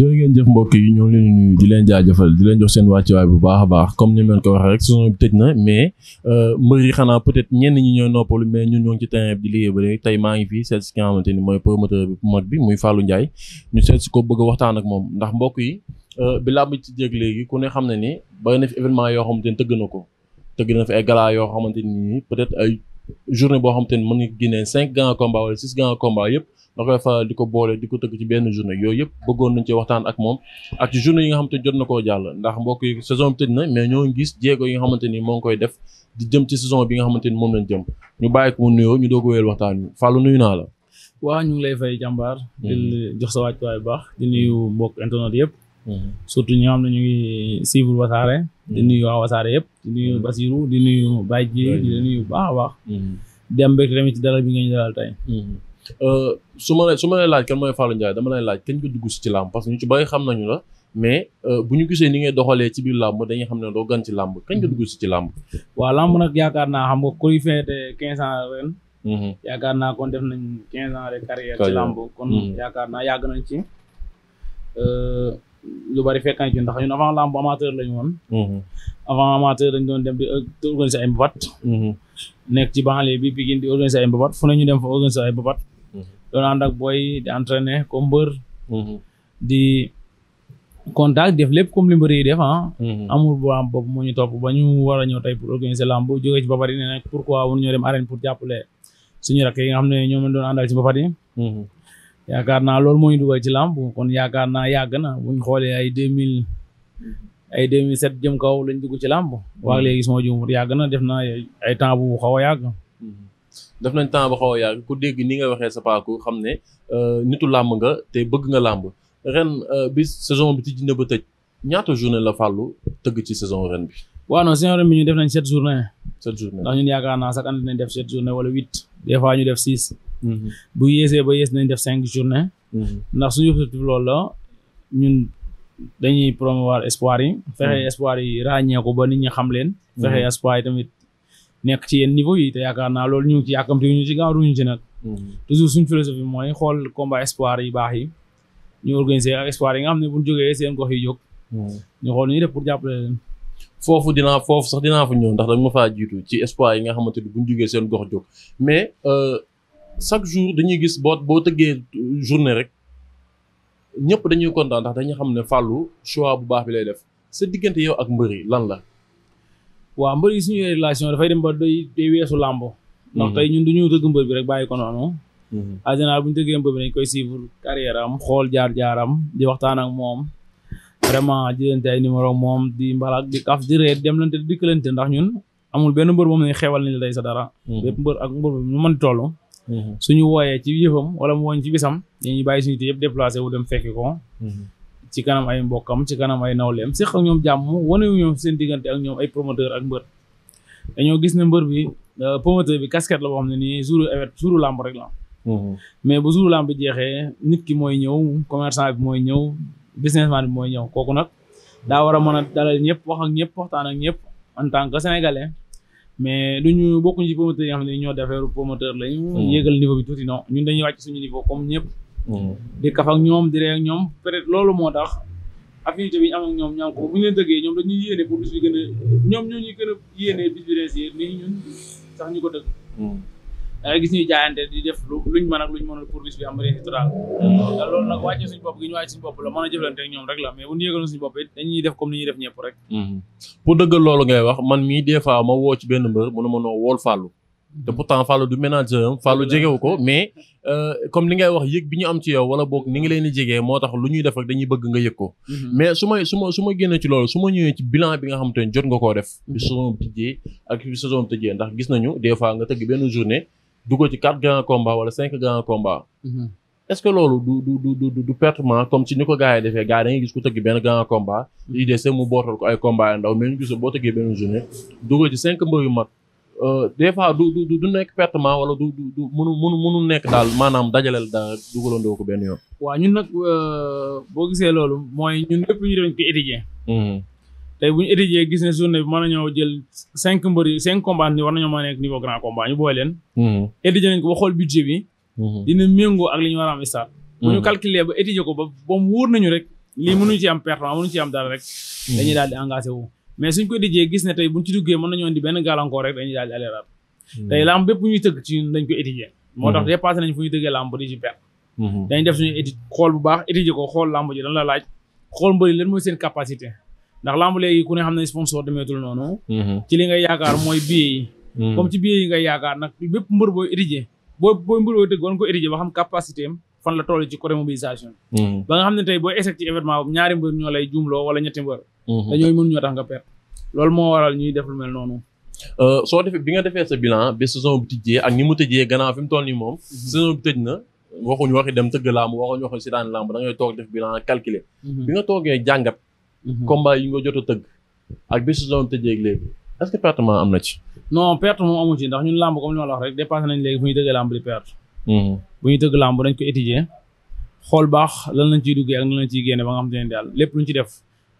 jërë ngeen jëf mbokk yi ñoo ngi leen nuyu di leen jaajëfal di leen jox seen wàccuwaay bu baax a baax comme ni meen ko waxee rek saison bi tëj na mais euh, mbër xanaa peut-être ñenn ñi ñooy noppalu mais ñu ñoo ngi ci terrain bi di liggéey ba léegi tey maa ngi fii seet si ki nga mooy promoteur bi mag bi muy Fallou Ndiaye ñu seet si ko bëgg waxtaan ak moom ndax mbokk yi euh, bilaa làmb ci jéeg léegi ku ne xam ne ni bari na fi événement yoo xamante ni tëgg na ko tëgg na fi ay gala yoo xamante ni peut-être ay journée boo xamante ni mën nga génnee cinq grands combats wala six grands combats da koy faral di ko boole di ko tëgg ci benn journée yooyu yëpp bëggoon nañ ci waxtaan ak moom ak ci journée yi nga jot na koo jàll ndax mbokk yi saison bi tëj na mais ñoo ngi gis jéego yi nga xamante ni koy def di jëm ci saison bi nga xamante ni moom lañ jëm ñu bàyyi ko mu nuyoo ñu doog a wéyal waxtaan wi Fallou nuyu naa la waaw ñu ngi lay fay jàmbaar hmm. di jox sa wàccuwaay bu baax di nuyu mbokk internet yëpp hmm. surtout ñi am na ne ñu ngi suivre wasaare hmm. di nuyu waa wasaare yëpp di nuyu Basiru di nuyu Baye ji di nuyu baax a baax dem mbégte tamit ci dalal bi nga ñu dalal Euh, su ma la su ma lay laaj kan mooy Fallou Ndiaye dama lay laaj kañ nga dugg si ci làmb parce que ñu ci bëri xam nañu la mais euh, bu ñu gisee ni ngay doxalee ci biir làmb dañuy xam ne doo gan ci làmb kañ nga dugg si ci làmb. waaw làmb nag yaakaar naa xam nga kuy féete 15 ans ren. Mm-hmm. yaakaar naa kon def nañ 15 ans de carrière ci làmb kon mm-hmm. yaakaar naa yàgg nañ ci. Euh, lu bari fekk nañ ci ndax ñun avant làmb amateur lañu woon. Mm-hmm. avant amateur dañ doon dem di organiser ay mbabat. nekk ci banlieue bi Pikine di organiser ay mbabat fu doon ànd ak booy di entraîner comme mbër mhm. di contact def lép comme li mbër yi def ah mhm. amul bu am bopp moo ñu topp ba ñu war a ñëw tey pour organiser lamb bu jógee ci Bapal yi ne nag pourquoi wun ñoo dem arène pour jàppale suñu rakk yi ne ñoom lañ doon àndal ci Bapal yi mhm. yaakaar naa loolu moo ñu dugal ci lamb kon yaakaar na yàgg na buñ xoolee ay deux mille ay 2007 jëm kaw lañ dugg ci làmb waa léegi suma jumur yàgg na def na ay temps bu xaw a yàgg def nañ temps ba xaw a ku dégg ni nga waxee sa paaku xam ne euh, nitu làmb nga te bëgg nga làmb ren euh, bi saison bi tijji na ba tëj ñaata journée la fàllu tëgg ci saison ren bi. waaw non saison ren bi ñu def nañ sept journée. sept journée ndax ñun yaakaar naa sax année dinañ def sept journée wala huit des fois ñu def six. Mm-hmm. bu yéesee ba yées nañ def cinq journée. Mm-hmm. ndax suñu objectif loolu la ñun dañuy promouvoir espoir yi. Mm-hmm. fexe espoir yi ràññeeku ba nit ñi xam leen. fexe espoir yi tamit. nekk ci yenn niveau yi te yaakaar naa loolu ñu ngi ci yàkkamti ñu ci gaaw duñu ci nag mm-hmm. toujours suñ philosophie mooy xool combat espoir yi baax yi ñu organiser ak espoir yi nga xam ne buñ jógee seen gox yi jóg mm-hmm. ñu xool ñu def pour jàppale foofu dinaa foofu sax dinaa fa ñëw ndax dañ ma faa jiitu ci espoir yi nga xamante ni buñ jógee seen gox jóg mais euh, chaque jour dañuy gis boo boo tëggee journée rek ñëpp dañuy kontaan ndax dañuy xam ne fàllu choix bu baax bi lay def sa diggante yow ak mbër yi lan la waaw mbër yi suñu relation dafay dem ba day weesu làmb ndax mhm. tey ñun du ñu tëgg mbër bi rek bàyyi ko noonu mhm. en général bu ñu tëggee mbër bi dañ koy suivre carrière am xool jaar-jaaram di waxtaan ak moom vraiment di numéro moom di mbalak di kaf dem lante dikkalante ndax ñun amul benn mbër moom nañ xewal ni la sa dara mhm. bépp mbër ak mbër bi ñu mën toll suñu wooyee ci yëfam wala mu woñ ci bisam dañuy bàyyi suñu té yëpp déplacé wu dem fekki ko ci kanam ay mbokkam ci kanam ay nawleem seq ak ñoom jàmm wanewu ñoom seen diggante ak ñoom ay promoteur ak mbër dañoo gis ne mbër bi euh, promoteur bi casquette la boo xam ne nii jour événement jour làmb rek la mhm. mais bu jour làmb bi jeexee nit ki mooy ñëw commerçant bi mooy ñëw businessman bi mooy ñëw kooku nag daa war a mën a dalal ñëpp wax ak waxtaan ak ñëpp en tant que sénégalais mais duñu bokkuñ ci promoteur yi nga xam ne ñoo defeeru promoteur lañu mhm. yéegal niveau bi tuuti non ñun dañuy wàcc suñu niveau comme ñëpp di kaf ak ñoom di ree ak ñoom peut-être loolu moo tax affinité bi ñu am ak ñoom ñaam ko bu ñu leen dëggee ñoom dañuy yéene pour bis bi gën a ñoom ñoo ñuy gën a yéene bis bi réussir nii ñun sax ñu ko dëgg hmm. da ngay gis ñuy jaayante di def luñ mën ak luñ mënul pour bis bi am résultat daal hmm. loolu nag wàcce suñu bopp gi ñu wàcce suñu bopp la mën a jëflante ak ñoom rek la mais bu ñu yëgaloon suñu bopp it dañuy def comme ni ñuy def ñëpp rek hmm. pour dëggal loolu ngay wax man mii des fois ma woo ci benn mbër mënu ma noo wool fàllu te pourtant Fallou du ménager am jegewu ko mais euh, comme li ngay wax yëg bi ñu am ci yow wala boog ni ngi leen di jegee moo tax lu ñuy def ak dañuy bëgg nga yëg ko mhm. mais su may su ma su ma génnee ci loolu su ma ñëwee ci bilan bi nga xam te ne jot nga koo def mhm. bi saison tijjee ak bi saison tijjee ndax gis nañu des fois nga tëgg benn journée dugg ci quatre grands combats wala cinq grands combats mhm. est-ce que loolu du du du comme ci ni ko gars yi defee gars yi da ngay gis ku tëgg benn grand combat ndaw mais ñu gis boo tëggee benn journée dugg ci cinq mbër Euh, des fois du du du nekk pertement wala du du du munu munu munu nekk daal maanaam dajaleel daal dugalandoo ko benn yoon. waaw ñun nag euh, boo gisee loolu mooy ñun lépp ñu doon ko étudier. Mm-hmm. tey bu ñu gis ne journée bi mën nañoo jël cinq mbër yi cinq combats ni war nañoo mën a nekk niveau grand combat ñu boole leen. Mm-hmm. étudier nañ ko ba xool budget bi. Mm-hmm. dina méngoo ak li ñu war a am stade. bu ñu calculer ba étudier ko ba ba mu nañu rek lii mënuñu ci am pertement mënuñu ci am dara rek. dañuy daal di engagé wu. mais suñ ko dijee gis ne bu buñ ci duggee mën nañoo indi benn gàllankoor rek dañuy daal aleeraat hmm. tey làmb bépp ñuy tëgg ci ñun dañ ko étudier moo tax hmm. dépassé nañ fu ñuy tëggee làmb di ci perte hmm. dañ def suñu étude xool bu baax étudier ko xool làmb ji lan la laaj xool mbëri lan mooy seen capacité ndax làmb léegi ku ne xam ne sponsor demeetul noonu ci li nga yaakaar mooy billet yi comme ci billet yi nga yaakaar nag bépp mbër booy étudier boo booy mbër booy tëgg ko étudier ba xam capacité la toll ci côté mobilisation ba nga xam ne tey boo échec ci événement boobu ñaari mbër Mhm. te ñooñu mënuñoo tax nga perte loolu moo waral ñuy def lu mel noonu. Euh, soo defee bi nga defee sa bilan ba saison bi tijjee ak ni mu tëjee gannaaw fi mu toll nii moom. Mhm. saison bi tëj na waxuñu waxi dem tëgg làmb waxuñu waxi si daan làmb da ngay toog def bilan calculer. Mhm. bi nga toogee jàngat. combat yi nga a tëgg. ak bi saison bi tëjee ak léegi est-ce que perte maa am na ci. non perte moom amu ci ndax ñun làmb comme li ma la wax rek nañ léegi fu ñuy dëgg làmb di perte. bu ñuy dëgg dañ ko étudier xool baax la lañ ciy duggee ak lan lañ ciy génne ba nga xam te daal lépp luñ ci def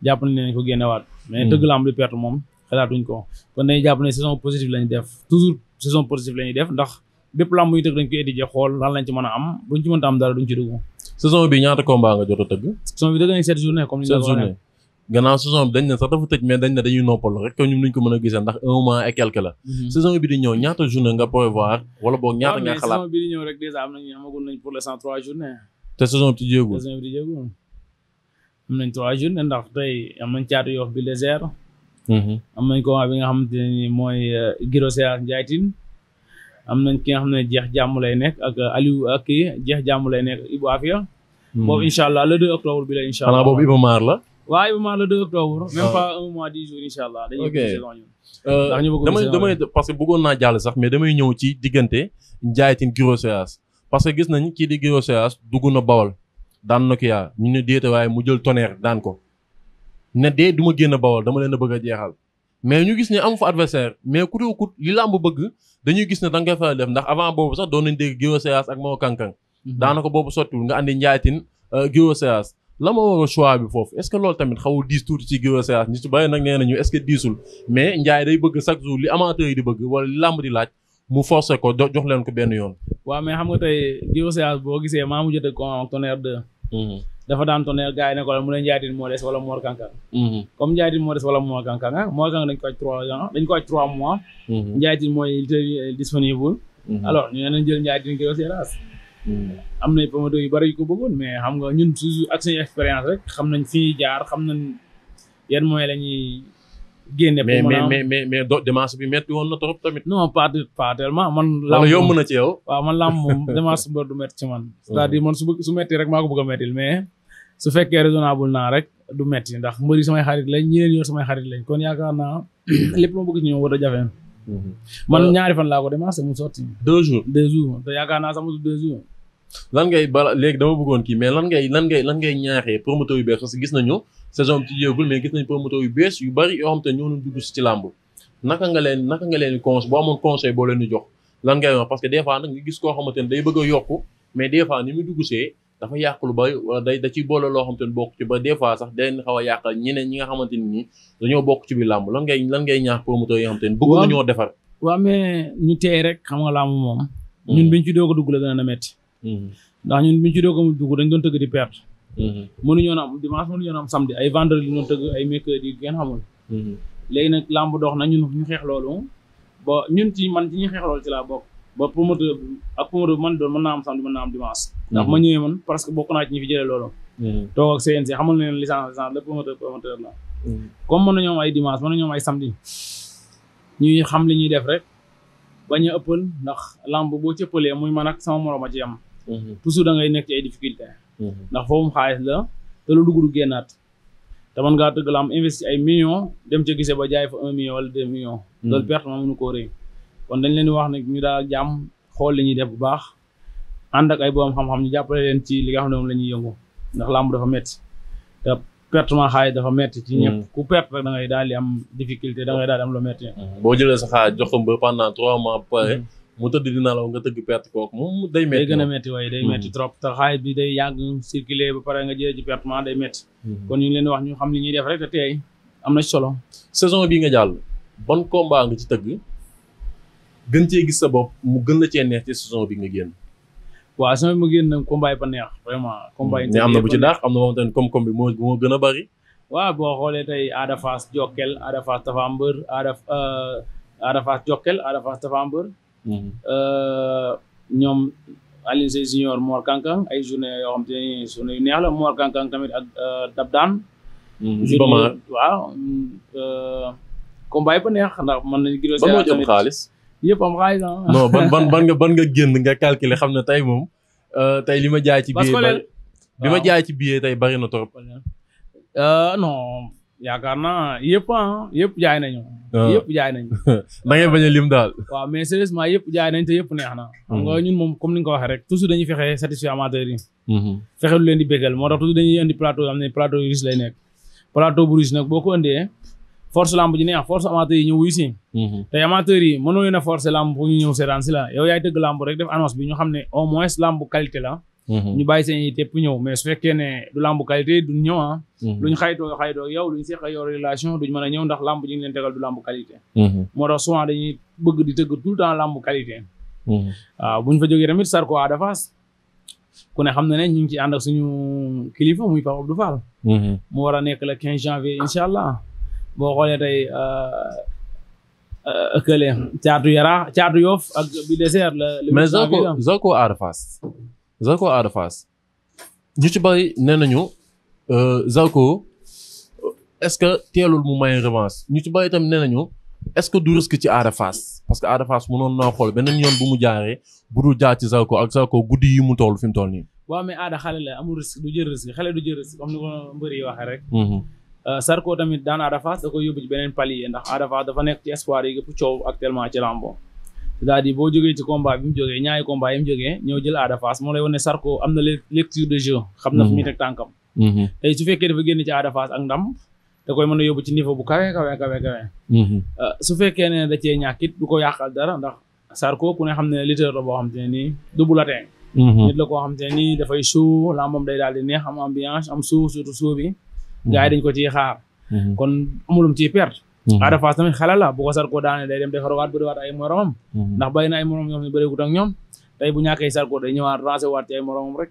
jàpp ne nañ ko génnewaat mais hmm. dëgg lamb li perte moom xalaatuñ ko kon dañuy jàpp ne saison positive lañu def toujours saison positive la def ndax bépp lamb ñu tëgg dañ koy étudier xool lan lañ ci mën a am buñ ci mënta am dara duñ ci dugg saison bi ñaata combat nga jot a tëgg saison bi di ñëw ñaata journée nga prévoir wala boog ñaata nga xalaat te saison bi di am nañ trois journées ndax tey am nañ caatu yoof bi désert mm-hmm. am nañ combat bi nga xamante ne nii mooy euh, Girosea Njaaytin am nañ ki nga xam ne jeex jàmm lay nekk ak euh, Aliou ak kii jeex jàmm lay nekk Ibou Afia mm-hmm. boobu incha allah le 2 octobre bi la incha allah xanaa boobu Ibou Maar la waaw Ibou Maar le 2 octobre ah. même pas un mois dix jours incha allah dañuy saison ñun euh, ndax parce que bëggoon naa jàll sax mais damay ñëw ci diggante Njaaytin Girosea parce que gis nañ kii di Girosea dugg na Bawol daan na Nokia ñu ne déete waaye mu jël tonnerre daan ko ne dee du ma génn bawol dama leen a bëgg a jeexal mais ñu gis ne amu fa adversaire mais kuréel kut li làmb bëgg dañuy gis ne da nga koy faral def ndax avant boobu sax doon nañ dégg Géo Séas ak Mao Kankan mhm. daanaka boobu sottiwul nga andi njaayitin euh, Géo Séas la ma war a choix bi foofu est loolu tamit xawul diis tuuti ci Géo Séas ñu si bàyyi nag nee nañu est ce que diisul mais njaay day bëgg chaque jour laaj mu forcé ko jox leen ko benn yoon. waa mais xam nga tey Guiro Séras boo gisee maa mujj a ko tonnerre de. Mm-hmm. dafa daan tonnerre gars yi ne ko la mu ne Ndiaye Tine moo des wala Mor Kankang. Mm-hmm. comme Ndiaye Tine moo des wala Mor Kankang ah Mor Kankang dañ ko aj trois ans dañ ko aj trois mois. Mm-hmm. Ndiaye Tine mooy disponible. alors ñu ne nañ jël Ndiaye Tine Guiro Séras. am na promoteurs yu bari yu ko bëggoon mais xam nga ñun toujours ak suñu expérience rek xam nañ fi jaar xam na yan moyens la génne. mais mais mais mais do démarche bi metti woon na trop tamit. non pas pas tellement man. làmb wala yomb na ci yow. waaw man làmb moom démarche mbër du metti ci man. c'est-à-dire oh. man su metti rek maa ko bëgg a mettil mais su fekkee raisonnable naa rek du metti ndax mbër samay xarit lañ ñeneen ñoo samay xarit lañ kon yaakaar naa lépp ma bëgg ci ñoom war a jafe. Mm-hmm. man ñaari fan laa ko démarché mu sotti. deux jours deux jours te yaakaar naa sax mu deux jours. lan ngay bala léegi dama bëggoon kii mais lan ngay lan ngay lan ngay ñaaxee promoteur yu saison bi ci yéegul gis nañ promoteur yu bees yu bari yoo xam te ñoo ñu dugg si ci làmb naka nga leen naka nga leen conseil boo amoon conseil boo leen di jox lan ngay wax parce que des fois nag nga a yokku mais loo xamante ni bokk ci ba des fois sax day xaw a yàqal nga xamante ni nii dañoo bokk ci biir làmb lan ngay lan xam nga làmb hmm. ñun biñ ci doog dugg la gën na metti hmm. ndax ñun biñ ci doog a dugg dañ doon tëgg di perte Mm-hmm. mënuñoo na am dimanche mënuñoo na am samedi ay vendredi ñu tëgg ay mercredi yi ngeen xamul mm-hmm. léegi nag làmb dox na ñun ñu xeex loolu ba ñun ci man ci ñu xeex loolu ci laa bokk ba promoteur ak promoteur man doon mën naa am samedi mën naa am dimanche ndax mm-hmm. ma ñëwee man parce que bokk naa ci ñi fi jëlee loolu toog ak CNC xamal na leen licence licence la promoteur promoteur la comme mën nañoo ay dimanche mën nañoo am ay samedi ñuy xam li ñuy def rek bañ a ëppal ndax làmb boo ci ëppalee muy man ak sama a am toujours da ngay nekk ci Mhm. ndax foofu mu xaalis la te lu dugg du génnaat te mën ngaa tëgg lamb investi ay million dem ca gisee ba jaay fa un million wala de million mhm. loolu perte ma mënu koo rëy kon dañ leen di wax ne ñu daal jàmm xool li ñuy def bu baax ànd ak ay boom xam-xam ñu jàppale leen ci li nga xam ne moom la ñuy yëngu ndax lamb dafa metti te perte ma xaalis dafa metti ci ñëpp mhm. ku perte rek da daal di am difficulté da ngay daal di am lu metti boo jëlee sa jox ko mu tëdd di nelaw nga tëgg perte kooku moom day metti day gën a metti waaye day metti hmm. trop te xaalis bi day yàgg circuler ba pare nga jëlee ci pertement day metti hmm. kon ñu leen wax ñu xam li ñuy def rek te teey am na solo saison bii nga jàll ban combat nga ci tëgg cee gis sa bopp mu gën cee neex ci saison bi nga génn waaw sama ma génn nag combat neex vraiment combat yi hmm. am na bu ci daax am na moom tamit koom-koom bi moo moo gën a bari waaw boo xoolee tey Ada Fass Jokkel Ada Fass Tapha Mbeur Ada euh, Fass Jokkel Ada Fass Tapha Mbeur Mm-hmm. Euh, ñoom Alioune Seye junior Mor Kankan ay journée yo xam te ne journée neex la Mor Kankan tamit ak euh, Dabdaan. Mm-hmm. Bamar waaw. Euh, combat yi ba neex ndax mën nañu. Giro xaalis. yëpp am xaalis ah. non ban ban ban nga ban nga génn nga calculer xam ne tey moom tey li ma jaay ci. billet bi ma jaay ci billet tey bari na trop. non. yaakaar naa yëpp ah yëpp jaay nañu. Ah. yëpp jaay nañu. na ngeen a lim daal. waaw mais sérieusement yëpp jaay nañ te yëpp neex na. xam nga hmm. ñun moom comme ni nga ko waxee rek toujours dañuy fexe satisfaire amateur yi. Hmm. fexe lu leen di bégal moo tax toujours dañuy indi plateau yoo xam ne plateau yu lay nekk. plateau bu riche nag boo ko indee force lamb ji neex force amateur yi ñëw wuyu si. Hmm. te amateur yi mënoo lamb ñu ñëw seetaan si la yow yaay tëgg lamb rek def annonce bi ñu xam ne au moins la. Mm-hmm. ñu bàyyi seen yi tepp ñëw mais su fekkee ne du lamb qualité duñ ñëw ah mm-hmm. luñ xaytoo xaytoo yow luñ seq yow relation duñ mën a ñëw ndax lamb ñu ngi leen du lamb qualité mm-hmm. moo tax souvent dañuy bëgg di tëgg tout le temps lamb qualité waaw ah, buñ fa jógee tamit Sarko à Dafas ku ne xam na ne ñu ngi ci ànd suñu kilifa muy Pape Abdou Fall mu war a nekk le quinze janvier incha allah boo xoolee tey euh, euh, kële caatu yara caatu yoof ak bi désert la mais Zarko Zarko à Dafas Zarko Ada Fass ñu ci bari nee nañu euh, Zarko est-ce que teelu mu may revanche ñu ci bari itam nee nañu est-ce que du risque ci Ada Fass parce que Ada mu mënoon naa xool beneen yoon bu mu jaaree bu dul jaar ci Zarko ak Zarko guddi yi mu toll fi mu toll nii. waaw amee Ada xale la amul risque du jël risque xale du jël risque comme ni ko mbër yi waxee rek. Mhm. Euh, Zarko tamit daan Ada Fass da koy yóbbu ci beneen palier ndax Ada dafa nekk ci espoir yi gëpp coow actuellement daal di boo jógee ci combat bi mu jógee ñaari combat yi mu jógee ñëw jël Ada Fass moo lay wane Sarko am na lecture de jeu. xam na fu muy mhm. teg tànkam. Mhm. tey su fekkee dafa génn ci Ada Fass ak ndam da koy mën a yóbbu ci niveau bu kawe kawe kawe mhm. euh, su fekkee ne da cee ñàkk du ko yàqal dara ndax Sarko ku ne xam ne lutteur la boo xam te ne nii double latin. nit la koo xam te ne nii dafay suuf làmbam day daal di neex am ambiance am suuf surtout suuf bi. gars yi dañ ko ciy xaar. kon amulum ciy perte. Mhm. Ada Fass tamit xale la bu ko Zarko daane day dem defaruwaat bëriwaat ay moromam mhm. ndax bàyyi na ay moromam ñoom ñu bëreegut ak ñoom tey bu ñàkkee Zarko day ñëwaat rancé waat ci ay moromam rek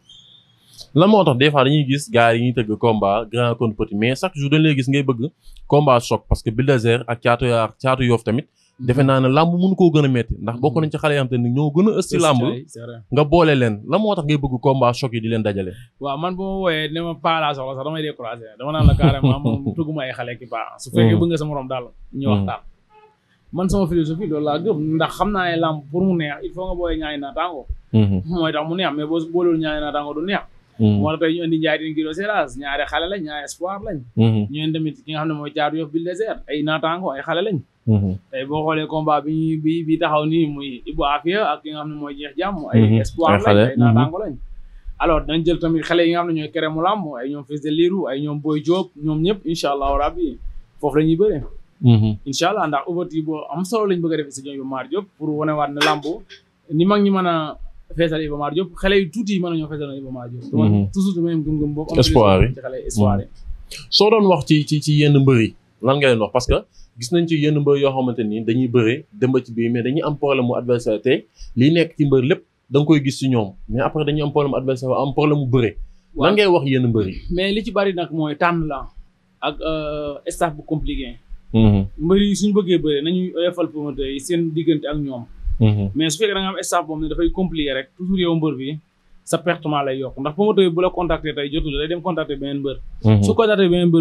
lan moo tax des fois dañuy gis gars yi ñuy tëgg comba grand contre mais chaque jour de lay gis ngay bëgg combat choc parce que Bulldozer ak caatu yaar caatu yoof tamit defe naa ne làmb mënu koo gën a metti ndax bokk nañ ci xale yi te ni ñoo gën a ës ci nga boole leen la moo tax ngay bëgg combat choc yi di leen dajale waaw man bu ma wooyee ne ma dama naan la carrément moom tugguma ay xale ki paa su mm. fekkee bëgg nga sa morom daal ñu mm. waxtaan man sama philosophie loolu la gëm ndax xam naa ne làmb pour mu neex il faut nga boolee ñaari naataango mm-hmm. mooy tax mu neex mais boo booleelu ñaari naataango du neex mm. moo tax tey ñu indi njaay din kilo séerage ñaari xale lañ ñaari espoir lañ mm-hmm. ñu indi ki nga xam ne mooy jaadu yof bi ay naataango ay xale Mm-hmm. tey boo xoolee combat bi taxaw nii muy Ibou Afia ak ki nga xam ne mooy jeex jàmm. ay mm-hmm. espoir lañ ay naataango mm-hmm. lañ. alors dañ jël tamit xale yi nga xam ne ñooy kere mu làmb ay ñoom Fils de Lirou ay ñoom Boy Diop ñoom ñëpp incha allah rabi foofu la ñuy bëree. incha allah ndax ouverture boo am solo lañ bëgg a def si ñoom Iba Mar Diop pour wanewaat ne làmb ni mag ñi mën a feesal Iba Mar Diop xale yu yi mën a ñoo feesal Iba Mar Diop. toujours du même gëm yi ci xale espoir yi. soo doon wax gis nañ ci yenn mbër yoo xamante nii dañuy bëre dem ba ci biir mais dañuy am problème mu adversaire te nekk ci mbër lépp da koy gis ci ñoom mais après dañuy am problème adversaire am problème mu bëre. lan ngay wax yenn mbër yi. mais li ci bari nag mooy tànn la ak euh, staff bu compliqué. Mhm. mbër yi suñu bëggee bëree nañuy oyofal promoteur yi seen diggante ak ñoom. Mhm. mais su fekkee da nga am staff moom dafay compliqué rek toujours yow mbër bi. sa pertement lay yokk ndax promoteur bi bu la contacter tey jotul dem contacter mhm. a mhm.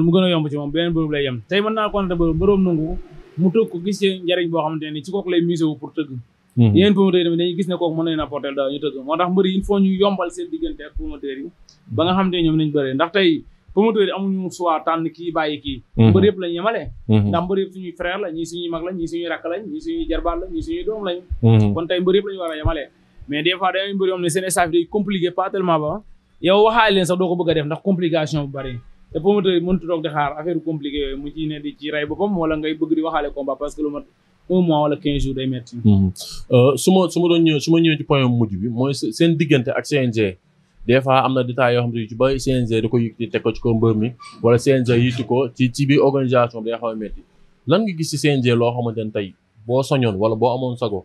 ba nga xamante ne ñoom nañ bëree ndax tey promoteurs yi amuñu tànn kii bàyyi kii mhm. mbër yëpp lañ yemale ndax mbër yëpp suñuy frère la ñii suñuy doom lañ kon tey mbër yëpp lañu war a mais des fois dañuy bëri yoo xam ne seen staff day compliqué pas tellement ba yow waxaale leen sax doo ko bëgg a def ndax complication bu bëri te promoteur yi mënut que lu mat un mois wala quinze jours day hmm. euh, su ma su ma doon ñëw su ma bi mooy seen diggante ak CNG des fois am na détails yoo xam ne yu ci bëri CNG da ko yëkkati teg ko ci ko mbër mi wala CNG yitti ko ci ci biir organisation bi day xaw metti lan nga gis ci CNG loo xamante ne tey boo soñoon wala boo amoon sago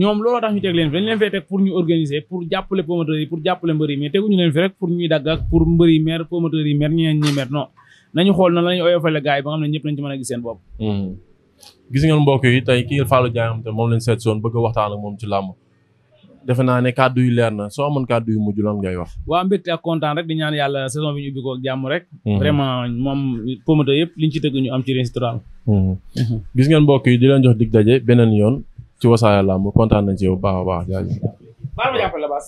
ñoom looloo tax ñu teg leen fi dañ leen fee teg pour ñu organiser pour jàppale promoteurs yi pour jàppale mbër yi mais teguñu leen fi rek pour ñuy dagg ak pour mbër yi mer yi mer nañu xool na oyofale gars ba nga xam ne ñëpp nañu ci mën a gis seen bopp hmm. gis ngeen mbokk yi tey kii Fallou te moom leen seet soon bëgg a waxtaan moom ci làmb defe naa ne kàddu yu leer na soo amoon kàddu yu mujj lan ngay wax waa mbégte kontaan rek di ñaan yàlla saison bi ñu ubbi ko ak jàmm hmm. vraiment moom promoteur yëpp liñ ci tëgg ñu am ci résultat hmm. gis ngeen mbokk yi di leen jox dig daje beneen yoon ci Wassare Lamb kontaan nañ ci yow baax a baax jaajëf.